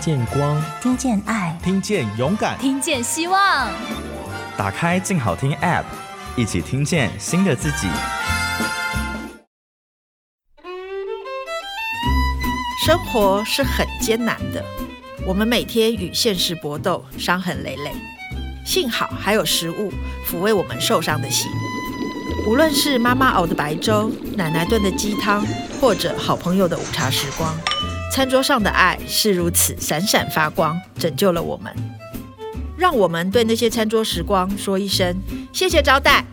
聽見光，聽見愛，聽見勇敢，聽見希望。打開靜好聽 App，一起聽見新的自己。生活是很艱難的，我們每天與現實搏鬥，傷痕累累。幸好還有食物撫慰我們受傷的心，無論是媽媽熬的白粥、奶奶燉的雞湯，或者好朋友的午茶時光。餐桌上的愛是如此閃閃發光，拯救了我們。讓我們對那些餐桌時光說一聲謝謝招待。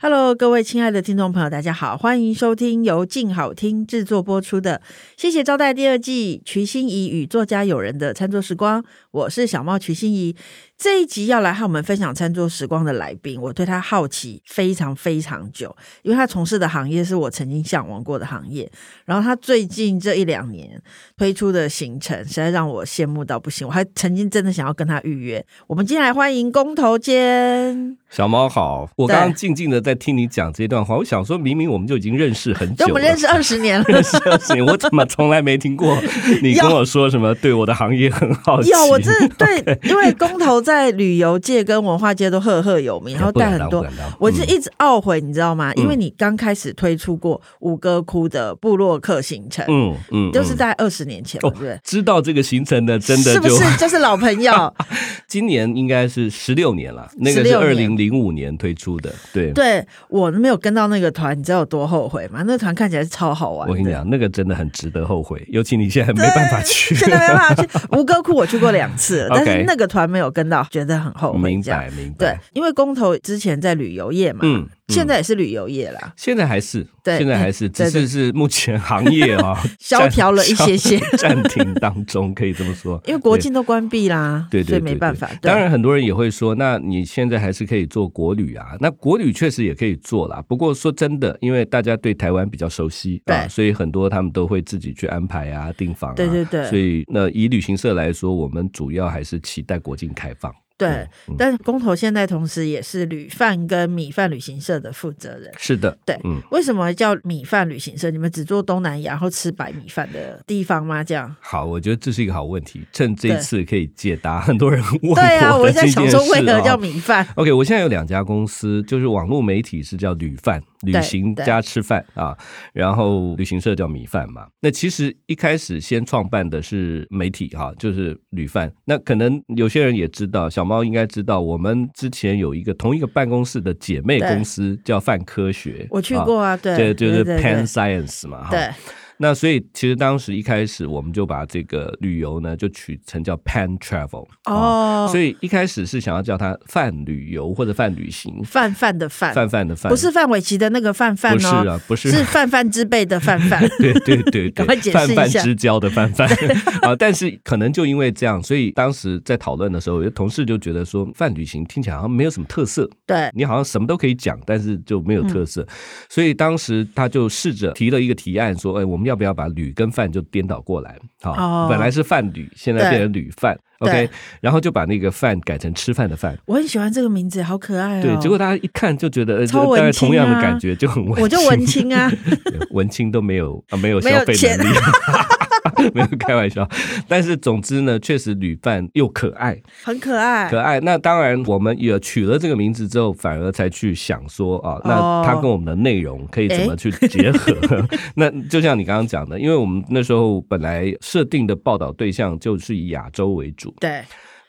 Hello，各位親愛的聽眾朋友，大家好，歡迎收聽由靜好聽製作播出的《謝謝招待》第二季，瞿欣怡與作家友人的餐桌時光。我是小貓瞿欣怡。這一集要來和我們分享餐桌時光的來賓，我對他好奇非常非常久，因為他從事的行業是我曾經向往過的行業。然後他最近這一兩年推出的行程，實在讓我羨慕到不行。我還曾經真的想要跟他預約。我們接下來歡迎工頭堅。小貓好，我剛剛靜靜的在聽你講這段話，我想說，明明我們就已經認識很久了， 我們認識二十年了，二十年，我怎麼從來沒聽過你跟我說什麼對我的行業很好奇。有，有，我真的對，okay. 因為工頭。在旅遊界跟文化界都赫赫有名，欸、然後帶很多。我是一直懊悔，嗯，你知道嗎？因為你剛開始推出過吳哥窟的部落客行程，嗯嗯，就是在二十年前，嗯，對不對哦？知道這個行程的，真的是不是就是老朋友？ 今年應該是十六年了，那個是二零零五年推出的。對，對，我沒有跟到那個團，你知道有多後悔嗎？那個團看起來是超好玩。我跟你講，那個真的很值得後悔，尤其你現在沒辦法去，現在沒辦法去。吳 哥窟我去過兩次，okay. 但是那個團沒有跟到。覺得很後悔，明白，明白，對，因為工頭之前在旅遊業嘛。嗯現在也是旅遊業啦、嗯，現在還是，對，現在還是只是是目前行業啊蕭條 了一些些，暫停當中可以這麼說，因為國境都關閉啦，對， 所以沒辦法。對對對對對對對對，當然，很多人也會說、嗯，那你現在還是可以做國旅啊，那國旅確實也可以做啦。不過說真的，因為大家對台灣比較熟悉，對、啊，所以很多他們都會自己去安排啊，訂房啊，對對對。所以那以旅行社來說，我們主要還是期待國境開放。對、嗯嗯，但是工頭現在同時也是旅飯跟米飯旅行社的負責人。是的，對，嗯、為什麼叫米飯旅行社？你們只做東南亞，然後吃白米飯的地方嗎？這樣？好，我覺得這是一個好問題，趁這一次可以解答很多人問對。對啊，我在想說為什麼叫米飯。OK，我現在有兩家公司，就是網絡媒體是叫旅飯。旅行家吃飯啊，然後旅行社叫米飯嘛。那其實一開始先創辦的是媒體哈、啊，就是旅飯。那可能有些人也知道，小貓應該知道，我們之前有一個同一個辦公室的姐妹公司叫泛科學，我去過啊，對，啊、對就是 Pan Science 嘛，對對對哈。那所以其實當時一開始我們就把這個旅遊呢就取成叫 Pan Travel 哦、oh, 嗯，所以一開始是想要叫它泛旅遊或者泛旅行，泛泛的泛，泛泛的泛，不是范瑋琪的那個范范、哦、是啊，不是、啊，是泛泛之輩的范范。 對對對，對，趕快解釋一下泛泛之交的范范。啊、 嗯，但是可能就因為這樣，所以當時在討論的時候，有同事就覺得說泛旅行聽起來好像沒有什麼特色，對你好像什麼都可以講，但是就沒有特色、嗯，所以當時他就試着提了一個提案說，哎，我們。要不要把旅跟飯就顛倒過來？好、哦，本來是飯旅，現在變成旅飯。OK，然後就把那個飯改成吃飯的飯。我很喜歡這個名字，好可愛啊、哦、對，結果大家一看就覺得呃，超文青、啊、同樣的感覺就很文清，我就文青啊， 文青都沒有啊，沒有消費能力，沒有錢。 沒有開玩笑，但是總之呢，確實旅飯又可愛，很可愛，可愛。那當然，我們也取了這個名字之後，反而才去想說啊、哦，那它跟我們的內容可以怎麼去結合、哦？ 那就像你剛剛講的，因為我們那時候本來設定的報道對象就是以亞洲為主，對。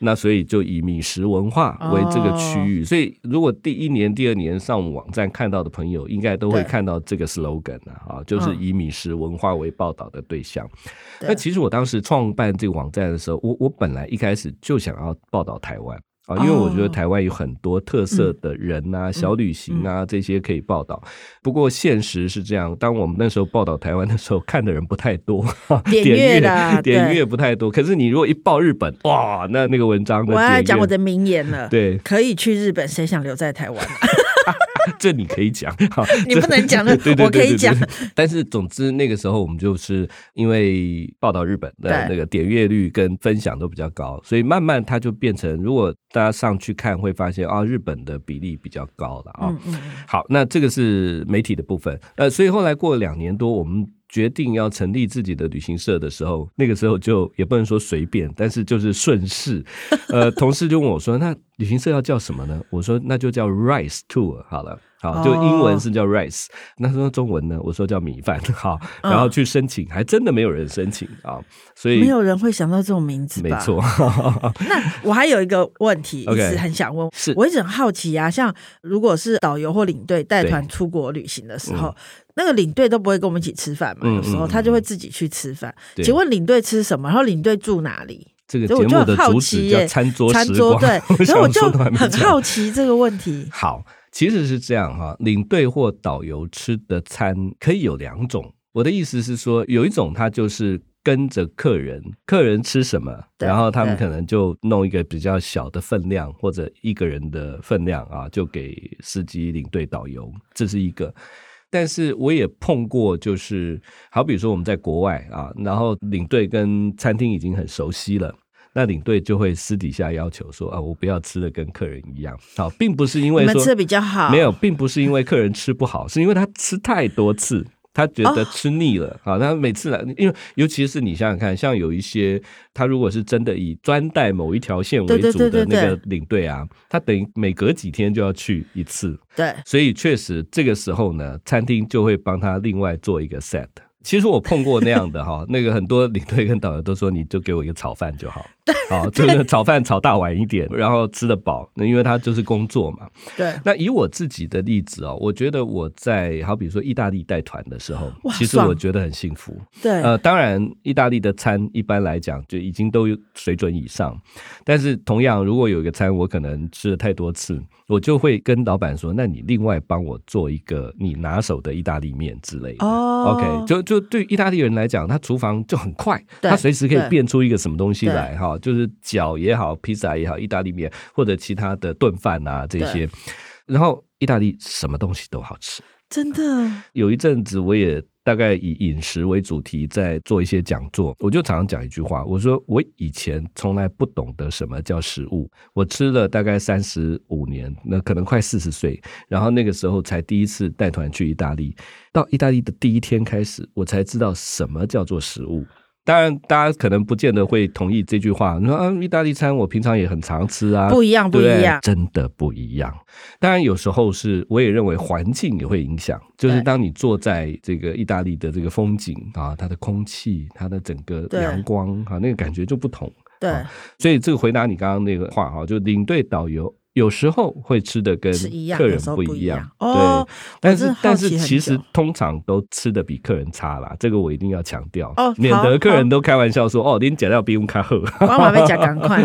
那所以就以米食文化為這個區域，oh. 所以如果第一年、第二年上網站看到的朋友，應該都會看到這個 slogan，oh. 啊，就是以米食文化為報道的對象。Oh. 那其實我當時創辦這個網站的時候，我我本來一開始就想要報道台灣。啊、哦，因為我覺得台灣有很多特色的人啊、嗯、小旅行啊、嗯、這些可以報道、嗯嗯。不過現實是這樣，當我們那時候報道台灣的時候，看的人不太多，點閱、啊、 點閱不太多。可是你如果一報日本，哇，那那個文章的我要講我的名言了，對，可以去日本，誰想留在台灣？ 這你可以講，哈， 你不能講的，我可以講。 但是總之，那個時候我們就是因為報道日本的那個點閱率跟分享都比較高，所以慢慢它就變成，如果大家上去看，會發現啊、哦，日本的比例比較高了啊、哦嗯嗯。好，那這個是媒體的部分，呃，所以後來過了兩年多，我們。決定要成立自己的旅行社的時候，那個時候就也不能說隨便，但是就是順勢。呃，同事就問我說：“那旅行社要叫什麼呢？”我說：“那就叫 Rice Tour 好了。”好，就英文是叫 rice，、哦、那說中文呢？我說叫米飯。好，然後去申請，嗯、還真的沒有人申請啊！所以沒有人會想到這種名字吧？沒錯。 那我還有一個問題，okay，一直很想問是，我一直很好奇啊。像如果是導遊或領隊帶團出國旅行的時候，嗯、那個領隊都不會跟我們一起吃飯嘛、嗯？有時候他就會自己去吃飯、嗯。請問領隊吃什麼？然後領隊住哪裡？這個我就好奇。叫餐桌時光，餐桌對，所以我就, 然後我就很好奇這個問題。好。其實是這樣哈、啊，領隊或導遊吃的餐可以有兩種。我的意思是說，有一種他就是跟着客人，客人吃什麼，然後他們可能就弄一個比較小的分量，或者一個人的分量啊，就給司機、領隊、導遊，這是一個。但是我也碰過，就是好比如說我們在國外啊，然後領隊跟餐廳已經很熟悉了。那領隊就會私底下要求說啊，我不要吃的跟客人一樣好並不是因為說你們吃得比較好，沒有，並不是因為客人吃不好， 是因為他吃太多次，他覺得吃膩了，哦。好，他每次來，因為尤其是你想想看，像有一些他如果是真的以專帶某一條線為主的那個領隊啊，對對對對對，他等於每隔幾天就要去一次，對，所以確實這個時候呢，餐廳就會幫他另外做一個 set。其實我碰過那樣的哈、哦，那個很多領隊跟導遊都說，你就給我一個炒飯就好。 好，就是炒飯炒大碗一點，然後吃得飽。那因為他就是工作嘛。對。那以我自己的例子哦，我覺得我在好比說意大利帶團的時候，其實我覺得很幸福。對。呃，當然，意大利的餐一般來講就已經都有水準以上。但是同樣，如果有一個餐我可能吃了太多次，我就會跟老板說：“那你另外幫我做一個你拿手的意大利麵之類的。”哦。OK 就。就就對意大利人來講，他廚房就很快，對他隨時可以變出一個什麼東西來哈，就是。就是餃也好，披薩也好，意大利麵或者其他的燉飯啊這些，然後意大利什麼東西都好吃，真的。嗯，有一陣子我也大概以飲食為主題在做一些講座，我就常常講一句話，我說我以前從來不懂得什麼叫食物，我吃了大概三十五年，那可能快四十歲，然後那個時候才第一次帶團去意大利，到意大利的第一天開始，我才知道什麼叫做食物。當然，大家可能不見得會同意這句話。你說嗯、啊，意大利餐我平常也很常吃啊，不一樣，對不對？不一樣，真的不一樣。當然，有時候是我也認為環境也會影響。就是當你坐在這個意大利的這個風景啊，它的空氣、它的整個陽光、啊、那個感覺就不同。對，啊、所以這個回答你剛剛那個話啊，就領隊導遊。有時候會吃的跟客人不一樣，一樣一樣哦、對，但是但是,但是其實通常都吃的比客人差了，這個我一定要強調哦，免得客人都開玩笑說哦,哦,哦，你假掉比我們卡好，慢慢剪趕快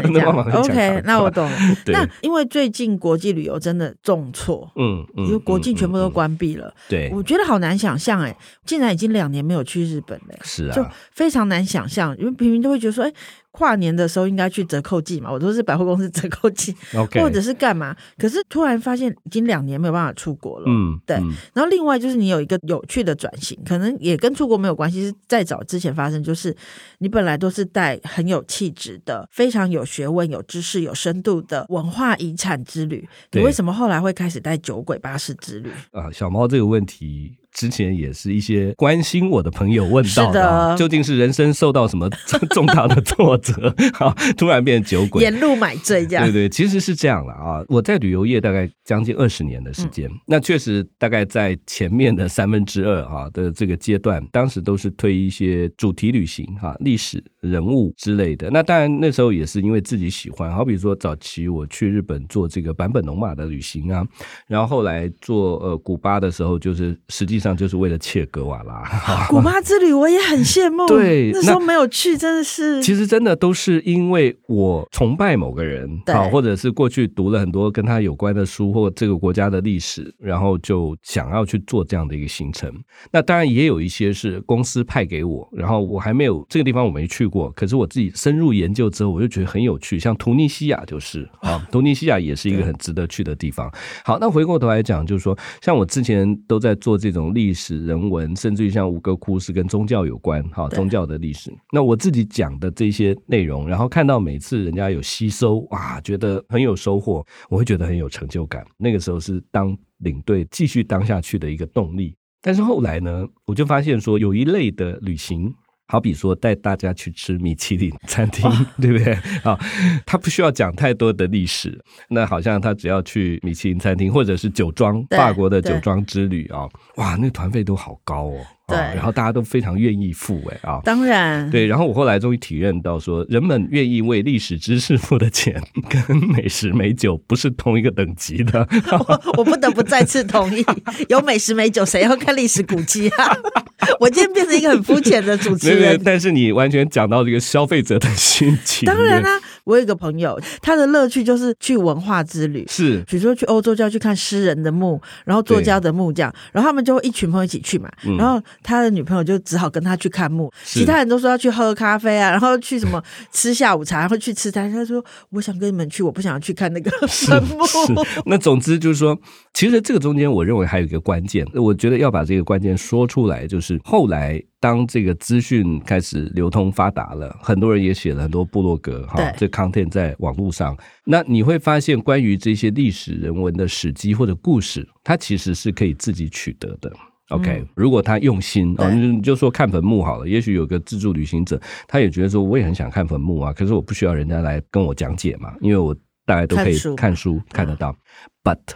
，OK，那我懂對。那因為最近國際旅遊真的重挫，嗯嗯，因、嗯、為國境全部都關閉了、嗯嗯嗯，對，我覺得好難想象哎，竟然已經兩年沒有去日本了，是啊，就非常難想象，因為平民都會覺得說哎。欸跨年的時候應該去折扣季嘛，我都是百貨公司折扣季，Okay. 或者是幹嘛？可是突然發現已經兩年沒有辦法出國了，嗯，對嗯。然後另外就是你有一個有趣的轉型，可能也跟出國沒有關係，是再早之前發生，就是你本來都是帶很有氣質的、非常有學問、有知識、有深度的文化遺產之旅，你為什麼後來會開始帶酒鬼巴士之旅？啊，小貓這個問題。之前也是一些關心我的朋友問到，的、啊。究竟是人生受到什麼 重大的挫折啊？ 突然變成酒鬼，沿路買醉呀？對對、對，其實是這樣了啊！我在旅遊業大概將近二十年的時間，嗯，那確實大概在前面的三分之二啊的這個階段，當時都是推一些主題旅行啊、歷史人物之類的。那當然那時候也是因為自己喜歡，好比說早期我去日本做這個坂本龍馬的旅行啊，然後後來做呃古巴的時候，就是實際。上就是為了切格瓦拉。古巴之旅我也很羨慕。 對，那時候沒有去，真的是。其實真的都是因為我崇拜某個人。對，好，或者是過去讀了很多跟他有關的書或這個國家的歷史，然後就想要去做這樣的一個行程。那當然也有一些是公司派給我，然後我還沒有，這個地方我沒去過，可是我自己深入研究之後，我就覺得很有趣。像圖尼西亞就是。好，圖尼西亞也是一個很值得去的地方。好，那回過頭來講，就是說像我之前都在做這種。歷史、人文，甚至於像吳哥窟是跟宗教有關，哈，宗教的歷史。那我自己講的這些內容，然後看到每次人家有吸收哇，覺得很有收穫，我會覺得很有成就感。那個時候是當領隊繼續當下去的一個動力。但是後來呢，我就發現說有一類的旅行。好比說帶大家去吃米其林餐廳，對不對？啊、哦，他不需要講太多的歷史，那好像他只要去米其林餐廳，或者是酒莊，法國的酒莊之旅啊、哦，哇，那個、團費都好高哦。對、哦，然後大家都非常願意付，哎、哦、啊，當然，對。然後我後來終於體驗到，說人們願意為歷史知識付的錢，跟美食美酒不是同一個等級的。我，我不得不再次同意， 有美食美酒，誰要看歷史古蹟啊？ 我今天變成一個很膚淺的主持人沒沒。但是你完全講到這個消費者的心情。當然啦、啊，我有一個朋友，他的樂趣就是去文化之旅，是，比如說去歐洲就要去看詩人的墓，然後作家的墓這樣，然後他們就會一群朋友一起去嘛，然後、嗯。他的女朋友就只好跟他去看墓，其他人都說要去喝咖啡啊，然後去什麼吃下午茶， 然後去吃他。他說：“我想跟你們去，我不想要去看那個墳墓。是 是”那總之就是說，其實這個中間，我認為還有一個關鍵，我覺得要把這個關鍵說出來，就是後來當這個資訊開始流通發達了，很多人也寫了很多部落格，哈、哦，這 content 在網絡上，那你會發現關於這些歷史人文的史蹟或者故事，它其實是可以自己取得的。OK，如果他用心，啊、嗯哦，你就說看墳墓好了。也許有個自助旅行者，他也覺得說，我也很想看墳墓啊，可是我不需要人家來跟我講解嘛，因為我大概都可以看書看得到。嗯、But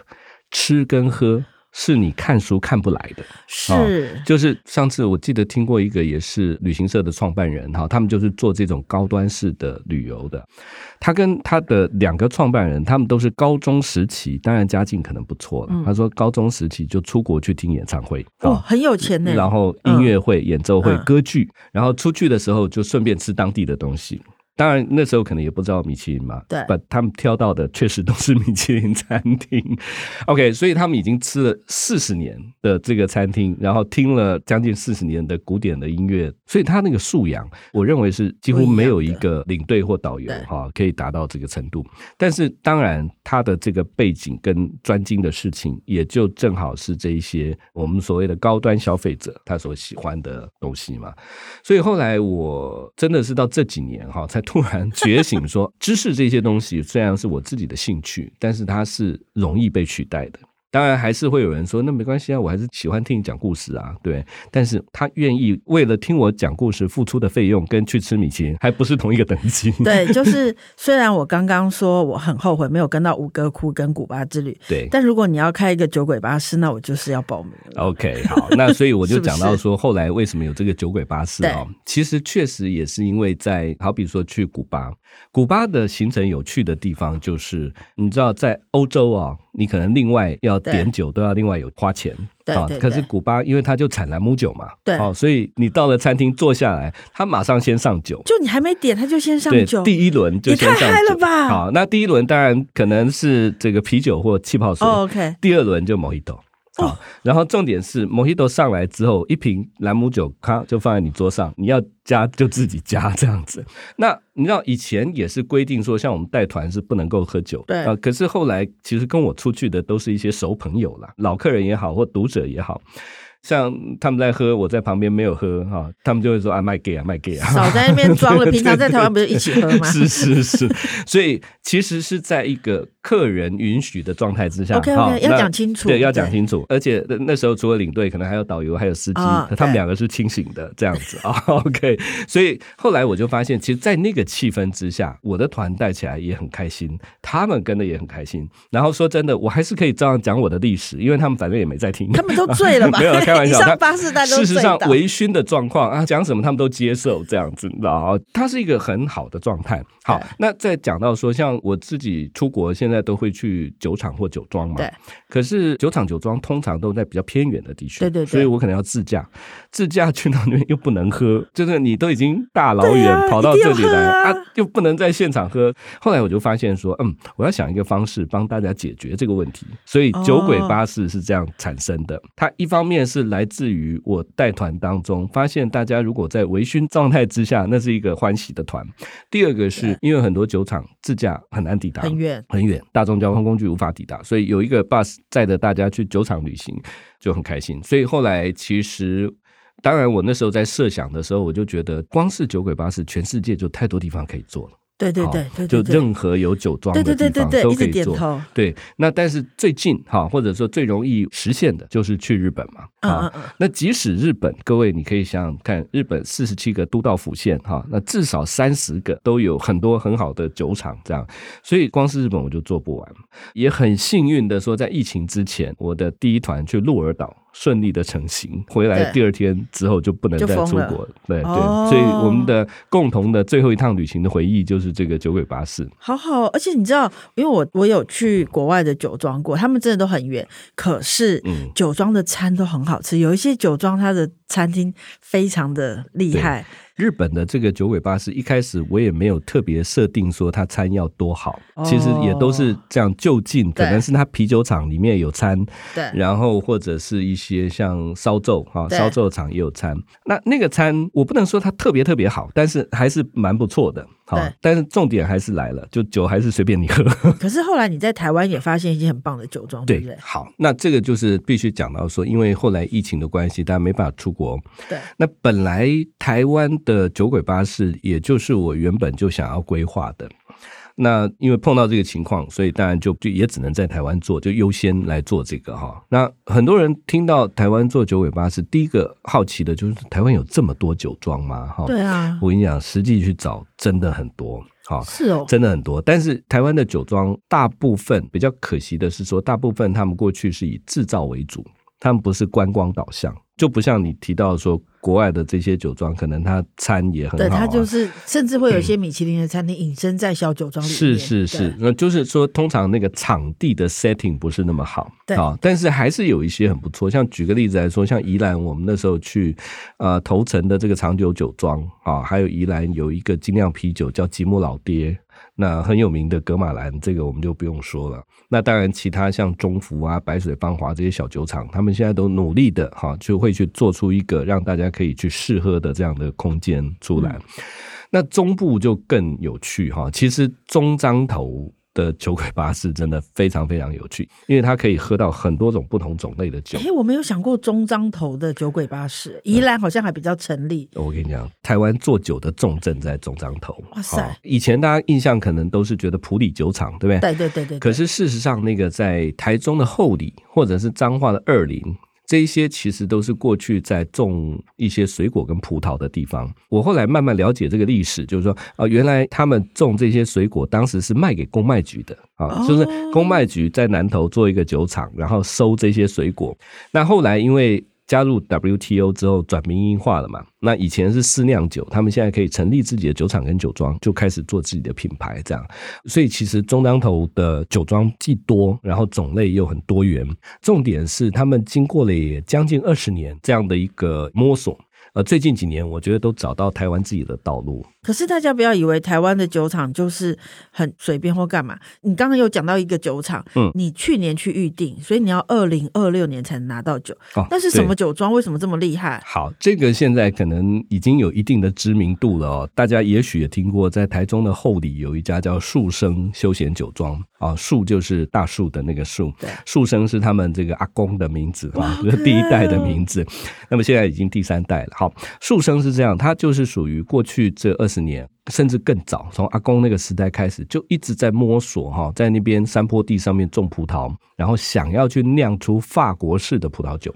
吃跟喝、嗯。是你看書看不來的、哦，是就是上次我記得聽過一個也是旅行社的創辦人哈、哦，他們就是做這種高端式的旅遊的。他跟他的兩個創辦人，他們都是高中時期，當然家境可能不錯了。他說高中時期就出國去聽演唱會哦，很有錢呢。然後音樂會、演奏會、歌劇，然後出去的時候就順便吃當地的東西。當然那時候可能也不知道米其林嘛，對，不，他們挑到的確實都是米其林餐廳，OK，所以他們已經吃了四十年的這個餐廳，然後聽了將近四十年的古典的音樂，所以他那個素養，我認為是幾乎沒有一個領隊或導遊哈、哦、可以達到這個程度。但是當然他的這個背景跟專精的事情，也就正好是這一些我們所謂的高端消費者他所喜歡的東西嘛。所以後來我真的是到這幾年哈、哦、才。突然覺醒說，知識這些東西雖然是我自己的興趣，但是它是容易被取代的。當然還是會有人說，那沒關係啊，我還是喜歡聽你講故事啊。對，但是他願意為了聽我講故事付出的費用，跟去吃米其林還不是同一個等級。對，就是雖然我剛剛說我很後悔沒有跟到吳哥窟跟古巴之旅，對。但如果你要開一個酒鬼巴士，那我就是要報名。OK，好，那所以我就講到說，後來為什麼有這個酒鬼巴士啊、哦？ 其實確實也是因為在好比說去古巴，古巴的行程有趣的地方就是，你知道在歐洲啊、哦。你可能另外要點酒，都要另外有花錢啊、哦。可是古巴，因為他就產朗姆酒嘛，好、哦，所以你到了餐廳坐下來，他馬上先上酒。就你還沒點，他就先上酒。對，第一輪就先上酒。太嗨了吧？好，那第一輪當然可能是這個啤酒或氣泡水。Oh, OK，第二輪就 Mojito。啊，然後重點是莫希多上來之後，一瓶蘭姆酒，咔就放在你桌上，你要加就自己加這樣子。那你知道以前也是規定說，像我們帶團是不能夠喝酒，對，啊。可是後來其實跟我出去的都是一些熟朋友啦，老客人也好，或讀者也好，像他們在喝，我在旁邊沒有喝哈，他們就會說，啊，賣給啊，賣給啊，少在那邊裝了。 對對對，平常在台灣不是一起喝嗎？是是是，所以其實是在一個。客人允許的狀態之下，OK，okay 好要講清，清楚，對，要講清楚。而且那時候除了領隊，可能還有導遊，還有司機，oh, 他們兩個是清醒的、okay. 這樣子啊。OK，所以後來我就發現，其實，在那個氣氛之下，我的團帶起來也很開心，他們跟的也很開心。然後說真的，我還是可以照樣講我的歷史，因為他們反正也沒在聽，他們都醉了吧？ 沒有開玩笑，他 巴士帶都醉。事實上，微醺的狀況啊，講什麼他們都接受這樣子，哦，他是一個很好的狀態。好， 好，那再講到說，像我自己出國現在。現在都會去酒廠或酒莊嘛？對。可是酒廠酒莊通常都在比較偏遠的地區，對對對。所以我可能要自駕，自駕去那邊又不能喝，就是你都已經大老遠跑到這裡來啊，又不能在現場喝。後來我就發現說，嗯，我要想一個方式幫大家解決這個問題，所以酒鬼巴士是這樣產生的。它一方面是來自於我帶團當中發現，大家如果在微醺狀態之下，那是一個歡喜的團；第二個是因為很多酒廠自駕很難抵達，很遠，很遠。大眾交通工具無法抵達，所以有一個 bus 載著大家去酒廠旅行，就很開心。所以後來其實，當然我那時候在設想的時候，我就覺得，光是酒鬼巴士，全世界就太多地方可以做了。對對對，對對對，就任何有酒莊的地方對對對對都可以做對對對，一直點頭。對，那但是最近哈，或者說最容易實現的就是去日本嘛。嗯嗯啊，那即使日本，各位你可以想想看，日本四十七個都道府縣哈、啊，那至少三十個都有很多很好的酒廠，這樣，所以光是日本我就做不完。也很幸運的說，在疫情之前，我的第一團去鹿兒島。順利的成行，回來第二天之後就不能再出國了。對了對，對 oh. 所以我們的共同的最後一趟旅行的回憶就是這個酒鬼巴士。好好，而且你知道，因為我我有去國外的酒莊過，他們真的都很遠，可是酒莊的餐都很好吃，嗯、有一些酒莊它的。餐廳非常的厲害。日本的這個酒鬼巴士，一開始我也沒有特別設定說它餐要多好。哦，其實也都是這樣就近，可能是它啤酒廠裡面有餐，然後或者是一些像燒酒啊，燒酒廠也有餐。那那個餐我不能說它特別特別好，但是還是蠻不錯的。好，但是重點還是來了，就酒還是隨便你喝。 可是後來你在台灣也發現一些很棒的酒莊，對，對不對？好，那這個就是必須講到說，因為後來疫情的關係，大家沒辦法出國。對，那本來台灣的酒鬼巴士，也就是我原本就想要規劃的。那因為碰到這個情況，所以當然就就也只能在台灣做，就優先來做這個哈。那很多人聽到台灣做九尾八是第一個好奇的，就是台灣有這麼多酒莊嗎？哈，對啊，我跟你講，實際去找真的很多，哈，是哦，真的很多。但是台灣的酒莊大部分比較可惜的是說，大部分他們過去是以製造為主，他們不是觀光導向，就不像你提到的說。國外的這些酒莊，可能它餐也很好、啊，對，它就是甚至會有一些米其林的餐廳隱身在小酒莊裡面、嗯。是是是，那就是說，通常那個場地的 setting 不是那麼好，對啊、哦，但是還是有一些很不錯。像舉個例子來說，像宜蘭，我們那時候去呃頭城的這個長久酒莊啊、哦，還有宜蘭有一個精釀啤酒叫吉姆老爹，那很有名的格馬蘭，這個我們就不用說了。那當然，其他像中福啊、白水芳華這些小酒廠，他們現在都努力的哈、哦，就會去做出一個讓大家。可以去試喝的這樣的空間出來、嗯，那中部就更有趣哈。其實中彰投的酒鬼巴士真的非常非常有趣，因為它可以喝到很多種不同種類的酒。哎、欸，我沒有想過中彰投的酒鬼巴士，宜蘭好像還比較成立。嗯、我跟你講，台灣做酒的重鎮在中彰投。哇塞，以前大家印象可能都是覺得埔里酒廠，對不對？對，對對對對。可是事實上，那個在台中的后里，或者是彰化的二林。這些其實都是過去在種一些水果跟葡萄的地方。我後來慢慢了解這個歷史，就是說啊，原來他們種這些水果，當時是賣給公賣局的啊，就是公賣局在南投做一個酒廠，然後收這些水果。那後來因為加入 WTO 之後轉民營化了嘛？那以前是私釀酒，他們現在可以成立自己的酒廠跟酒莊，就開始做自己的品牌這樣。所以其實中彰投的酒莊既多，然後種類又很多元。重點是他們經過了也將近二十年這樣的一個摸索，呃，最近幾年我覺得都找到台灣自己的道路。可是大家不要以為台灣的酒廠就是很隨便或幹嘛。你剛剛有講到一個酒廠，嗯，你去年去預定，所以你要二零二六年才能拿到酒。那是什麼酒莊？為什麼這麼厲害？哦、好，這個現在可能已經有一定的知名度了哦。大家也許也聽過，在台中的后里有一家叫樹生休閒酒莊啊，樹就是大樹的那個樹，樹生是他們這個阿公的名字啊，第一代的名字。那麼現在已經第三代了。好，樹生是這樣，它就是屬於過去這二十。十年甚至更早，從阿公那個時代開始就一直在摸索哈，在那邊山坡地上面種葡萄，然後想要去釀出法國式的葡萄酒。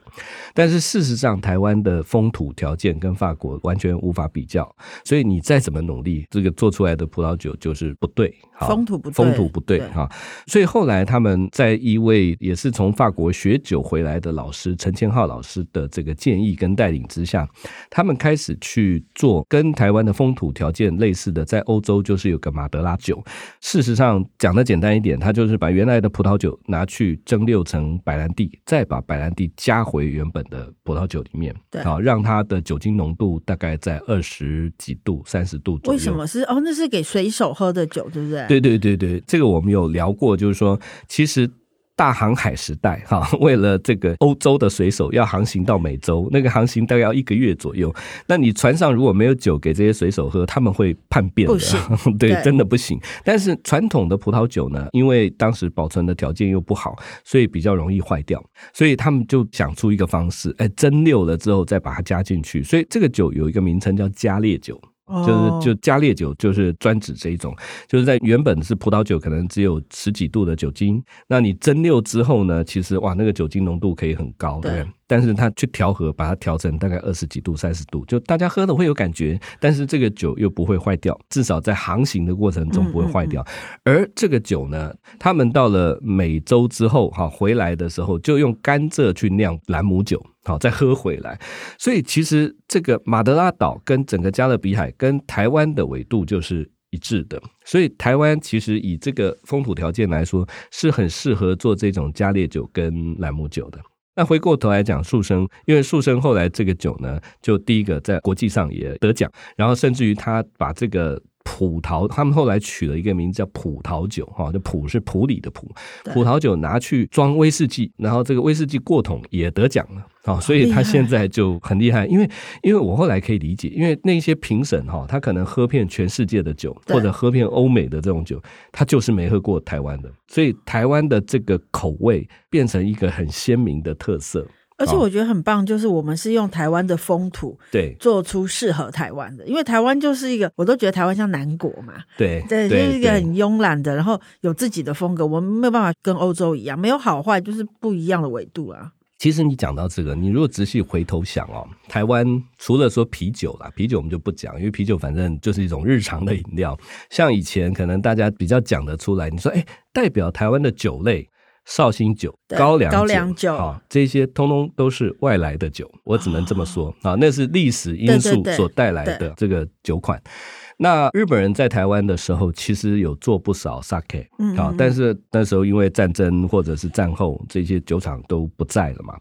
但是事實上，台灣的風土條件跟法國完全無法比較，所以你再怎麼努力，這個做出來的葡萄酒就是不對。風土不對，風土不對哈。所以後來他們在一位也是從法國學酒回來的老師陳千浩老師的這個建議跟帶領之下，他們開始去做跟台灣的風土條件件類似的，在歐洲就是有個馬德拉酒。事實上，講的簡單一點，它就是把原來的葡萄酒拿去蒸餾成白蘭地，再把白蘭地加回原本的葡萄酒裡面，好、哦、讓它的酒精濃度大概在二十幾度、三十度左右。為什麼是？哦，那是給水手喝的酒，對不對？對對對對，這個我們有聊過，就是說，其實。大航海時代，哈，為了這個歐洲的水手要航行到美洲，那個航行大概要一個月左右。那你船上如果沒有酒給這些水手喝，他們會叛變的， 對,對，真的不行。但是傳統的葡萄酒呢，因為當時保存的條件又不好，所以比較容易壞掉。所以他們就想出一個方式，誒，蒸餾了之後再把它加進去。所以這個酒有一個名稱叫加烈酒。就是就加烈酒，就是專指這一種，就是在原本是葡萄酒，可能只有十幾度的酒精，那你蒸餾之後呢，其實哇，那個酒精濃度可以很高，對。但是它去調和，把它調成大概二十幾度、三十度，就大家喝了會有感覺。但是這個酒又不會壞掉，至少在航行的過程中不會壞掉。而這個酒呢，他們到了美洲之後，哈，回來的時候就用甘蔗去釀蘭姆酒，好再喝回來。所以其實這個馬德拉島跟整個加勒比海跟台灣的緯度就是一致的。所以台灣其實以這個風土條件來說，是很適合做這種加烈酒跟蘭姆酒的。那回過頭來講樹生，因為樹生後來這個酒呢，就第一個在國際上也得獎，然後甚至於他把這個。埔桃，他們後來取了一個名字叫埔桃酒，哈，就埔是埔里的埔，埔桃酒拿去裝威士忌，然後這個威士忌過桶也得獎了，啊，所以他現在就很厲害，因為因為我後來可以理解，因為那些評審哈，他可能喝遍全世界的酒，或者喝遍歐美的這種酒，他就是沒喝過台灣的，所以台灣的這個口味變成一個很鮮明的特色。而且我覺得很棒，就是我們是用台灣的風土對做出適合台灣的，因為台灣就是一個，我都覺得台灣像南國嘛，對，對，就是一個很慵懶的，然後有自己的風格，我們沒有辦法跟歐洲一樣，沒有好壞，就是不一樣的維度啊。其實你講到這個，你如果仔細回頭想哦，台灣除了說啤酒啦，啤酒我們就不講，因為啤酒反正就是一種日常的飲料，像以前可能大家比較講得出來，你說哎，代表台灣的酒類。紹興酒，酒、高粱酒、哦、這些通通都是外來的酒，哦、我只能這麼說啊、哦。那是歷史因素所帶來的這個酒款。對對對，那日本人在台灣的時候，其實有做不少 sake 啊、哦嗯，但是那時候因為戰爭或者是戰後，這些酒廠都不在了嘛。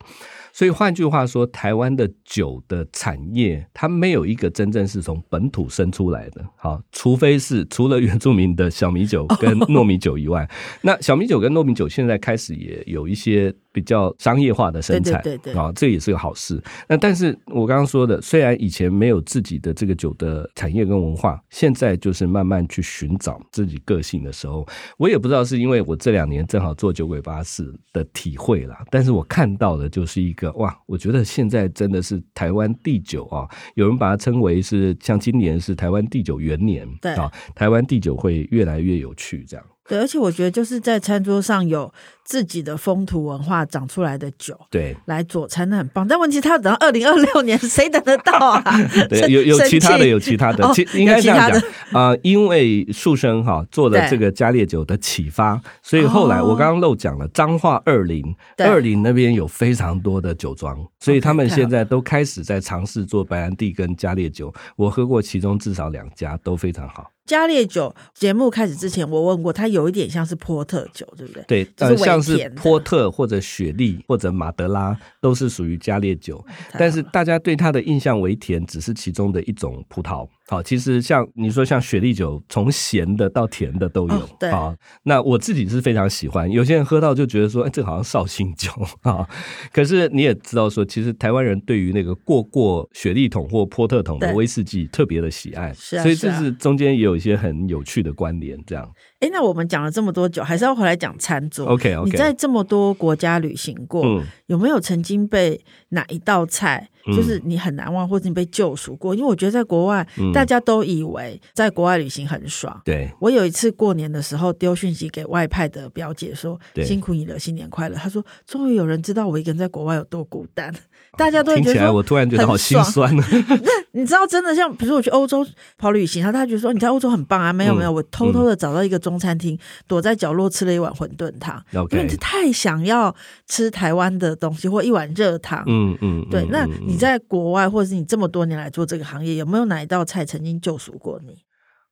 所以換句話說，台灣的酒的產業，它沒有一個真正是從本土生出來的。好、啊，除非是除了原住民的小米酒跟糯米酒以外， 那小米酒跟糯米酒現在開始也有一些比較商業化的生產。對啊對對對，這也是個好事。那但是我剛剛說的，雖然以前沒有自己的這個酒的產業跟文化，現在就是慢慢去尋找自己個性的時候，我也不知道是因為我這兩年正好做酒鬼巴士的體會啦，但是我看到的就是一個。哇，我覺得現在真的是台灣第九啊，有人把它稱為是像今年是台灣第九元年，對啊、哦，台灣第九會越來越有趣這樣。對，而且我覺得就是在餐桌上有自己的風土文化長出來的酒來餐的，對，來佐餐那很棒。但問題他要等到二零二六年，誰等得到啊？ 對，有有其他的，有其他的，其，的、哦、其應該這樣講啊、呃，因為樹生哈、哦、做了這個加烈酒的啟發，所以後來我剛剛漏講了，彰化二林，二林那邊有非常多的酒莊，所以他們現在都開始在嘗試做白蘭地跟加烈酒，我喝過其中至少兩家都非常好。加烈酒，節目開始之前，我問過他，它有一點像是波特酒，對不對？對，呃，就是，像是波特或者雪莉或者馬德拉，都是屬於加烈酒，嗯。但是大家對它的印象為甜，只是其中的一種葡萄。好，其實像你說，像雪莉酒，從鹹的到甜的都有。哦、對、啊、那我自己是非常喜歡。有些人喝到就覺得說，哎，這好像紹興酒啊。可是你也知道說，其實台灣人對於那個過過雪莉桶或波特桶的威士忌特別的喜愛，啊，所以這是中間也有一些很有趣的關聯，這樣。哎，那我們講了這麼多酒，還是要回來講餐桌。OK OK。你在這麼多國家旅行過，嗯、有沒有曾經被哪一道菜、嗯、就是你很難忘，或者你被救贖過？因為我覺得在國外、嗯，大家都以為在國外旅行很爽。對。我有一次過年的時候丟訊息給外派的表姐說：“對辛苦你了，新年快樂。”她說：“終於有人知道我一個人在國外有多孤單。”大家都會覺得聽起來我突然覺得好心酸、啊。 你知道，真的像，比如說我去歐洲跑旅行，他他覺得說你在歐洲很棒啊。沒有沒有，嗯、我偷偷的找到一個。中餐廳躲在角落吃了一碗餛飩湯，因為你是太想要吃台灣的東西或一碗熱湯。嗯嗯，對。那你在國外，或者是你這麼多年來做這個行業，有沒有哪一道菜曾經救贖過你？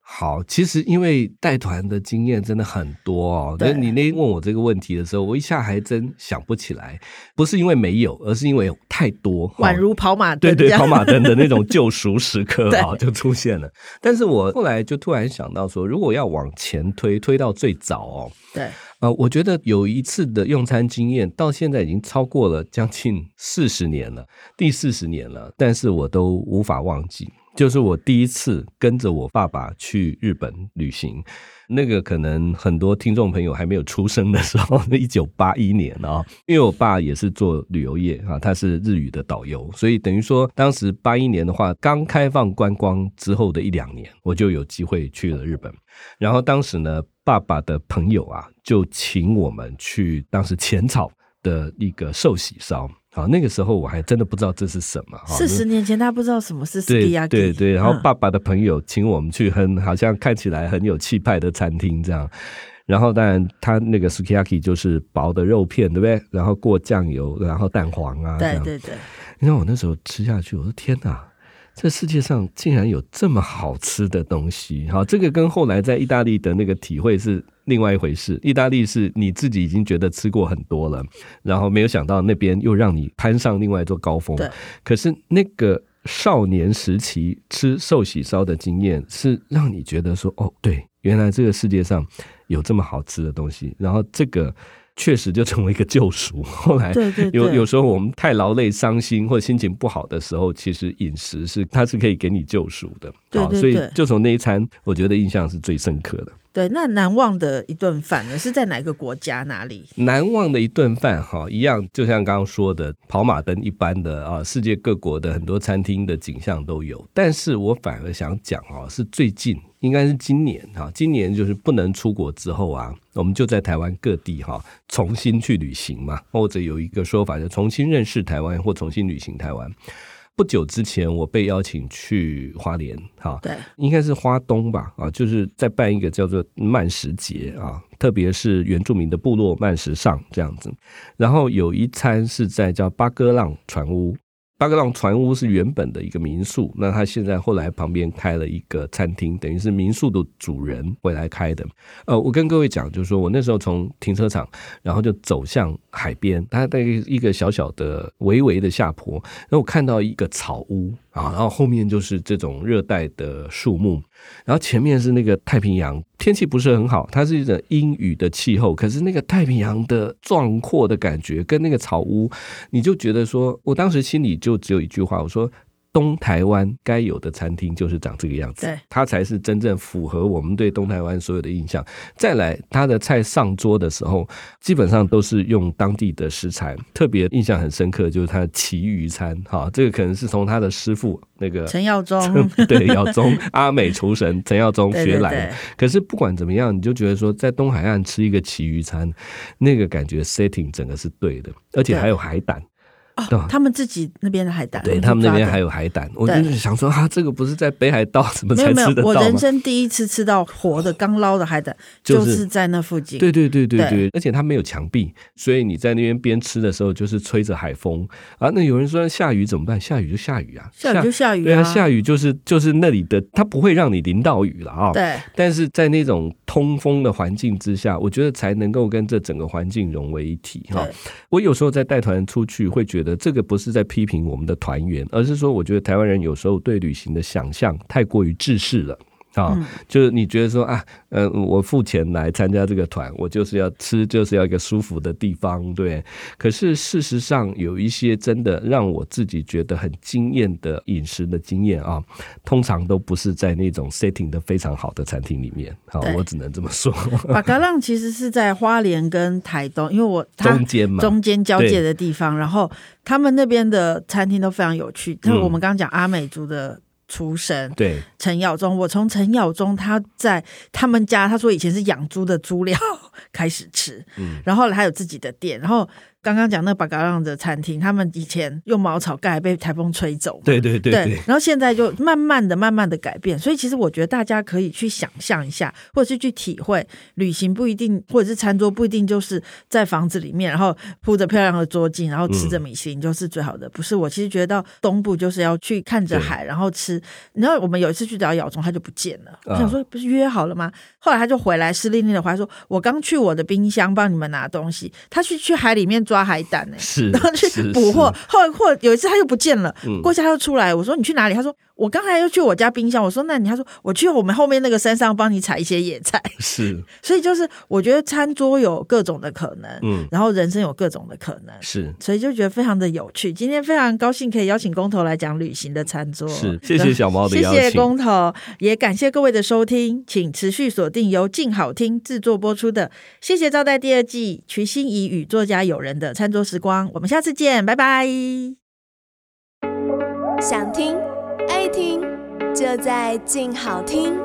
好，其實因為帶團的經驗真的很多哦。那你那天問我這個問題的時候，我一下還真想不起來，不是因為沒有，而是因為太多，哦，宛如跑馬燈，哦，對對，跑馬燈的那種救贖時刻啊，哦， 就出現了。但是我後來就突然想到說，如果要往前推，推到最早哦，對，呃，我覺得有一次的用餐經驗到現在已經超過了將近四十年了，第四十年了，但是我都無法忘記。就是我第一次跟着我爸爸去日本旅行，那個可能很多聽眾朋友還沒有出生的時候，一九八一年啊、哦，因為我爸也是做旅遊業啊，他是日語的導遊，所以等於說當時八一年的話，剛開放觀光之後的一兩年，我就有機會去了日本。然後當時呢，爸爸的朋友啊，就請我們去當時淺草的那個壽喜燒。好，那個時候我還真的不知道這是什麼。四十年前，他不知道什麼是 Sukiyaki。對對、對、嗯，然後爸爸的朋友請我們去很，很好像看起來很有氣派的餐廳這樣。然後，當然他那個 Sukiyaki 就是薄的肉片，對不對？然後過醬油，然後蛋黃啊，對對對。你看我那時候吃下去，我說天哪，這世界上竟然有這麼好吃的東西！好，這個跟後來在意大利的那個體會是。另外一回事，意大利是你自己已經覺得吃過很多了，然後沒有想到那邊又讓你攀上另外一座高峰。對，可是那個少年時期吃壽喜燒的經驗，是讓你覺得說，哦，對，原來這個世界上有這麼好吃的東西。然後這個確實就成為一個救贖。後來有對對對有時候我們太勞累、傷心或心情不好的時候，其實飲食是它是可以給你救贖的。好對對對，所以就從那一餐，我覺得印象是最深刻的。對，那難忘的一頓飯呢？是在哪個國家哪裡？難忘的一頓飯哈，一樣就像剛剛說的跑馬燈一般的啊，世界各國的很多餐廳的景象都有。但是我反而想講哦，是最近應該是今年哈，今年就是不能出國之後啊，我們就在台灣各地哈，重新去旅行嘛，或者有一個說法叫重新認識台灣或重新旅行台灣。不久之前，我被邀請去花蓮，哈，對，應該是花東吧，啊，就是在辦一個叫做慢食節啊，特別是原住民的部落慢食上這樣子，然後有一餐是在叫巴哥浪船屋。巴格朗船屋是原本的一個民宿，那它現在後來旁邊開了一個餐廳，等於是民宿的主人會來開的。呃，我跟各位講，就是說我那時候從停車場，然後就走向海邊，它在一個小小的微微的下坡，然後我看到一個草屋。啊，然後後面就是這種熱帶的樹木，然後前面是那個太平洋，天氣不是很好，它是一種陰雨的氣候。可是那個太平洋的壯闊的感覺跟那個草屋，你就覺得說，我當時心裡就只有一句話，我說。東台灣該有的餐廳就是長這個樣子，對，它才是真正符合我們對東台灣所有的印象。再來，它的菜上桌的時候，基本上都是用當地的食材。特別印象很深刻就是它的旗魚餐，哈，這個可能是從他的師傅那個陳耀宗，對，耀宗阿美廚神陳 耀宗學來的。可是不管怎麼樣，你就覺得說，在東海岸吃一個旗魚餐，那個感覺 setting 整個是對的，而且還有海膽。哦哦、他們自己那邊的海膽，對他們，他們那邊還有海膽。我就是想說啊，這個不是在北海道怎麼才吃得到嗎？沒有沒有，我人生第一次吃到活的、剛 撈的海膽，就是在那附近。就是、對對對對對，對，對，而且它沒有牆壁，所以你在那邊邊吃的時候，就是吹着海風啊。那有人說下雨怎麼辦？下雨就下雨啊，下雨就下雨、啊下，對啊，下雨就是就是那裡的，它不會讓你淋到雨了啊、哦。對，但是在那種。通風的環境之下，我覺得才能夠跟這整個環境融為一體。哈，我有時候在帶團出去，會覺得這個不是在批評我們的團員，而是說，我覺得台灣人有時候對旅行的想象太過於制式了。啊，就是你覺得說啊，嗯、呃，我付錢來參加這個團，我就是要吃，就是要一個舒服的地方，對。可是事實上，有一些真的讓我自己覺得很驚豔的飲食的經驗啊，通常都不是在那種 setting 的非常好的餐廳裡面。好，我只能這麼說。巴嘎浪其實是在花蓮跟台東，因為我它中間嘛，中間交界的地方，然後他們那邊的餐廳都非常有趣。那、嗯、我們剛剛講阿美族的。出身，對陳耀宗，我從陳耀宗他在他們家，他說以前是養豬的豬料開始吃，嗯，然後他有自己的店，然後。剛剛講那個巴嘎浪的餐廳，他們以前用茅草蓋，被台風吹走，對，對對對對，然後現在就慢慢的、慢慢的改變，所以其實我覺得大家可以去想象一下，或者是去體會，旅行不一定，或者是餐桌不一定就是在房子裡面，然後鋪着漂亮的桌巾，然後吃着米其林就是最好的。嗯、不是，我其實覺得到東部就是要去看着海，然後吃。然後我們有一次去找咬中，他就不見了。我想說不是約好了嗎？啊、後來他就回來，濕淋淋的回來，說我剛去我的冰箱幫你們拿東西。他去去海裡面抓。抓海膽呢、欸，然後去捕獲，後來或有一次他又不見了，嗯、過一下他又出來，我說你去哪裡？他說。我剛才又去我家冰箱，我說，那你還說，我去我們後面那個山上幫你採一些野菜。是， 所以就是我覺得餐桌有各種的可能，嗯，然後人生有各種的可能，是，所以就覺得非常的有趣。今天非常高興可以邀請工頭來講旅行的餐桌。是，是謝謝小貓的邀請，工頭也感謝各位的收聽，請持續鎖定由靜好聽制作播出的《謝謝招待》第二季，瞿欣怡與作家友人的餐桌時光。我們下次見，拜拜。想聽。愛聽就在靜好聽。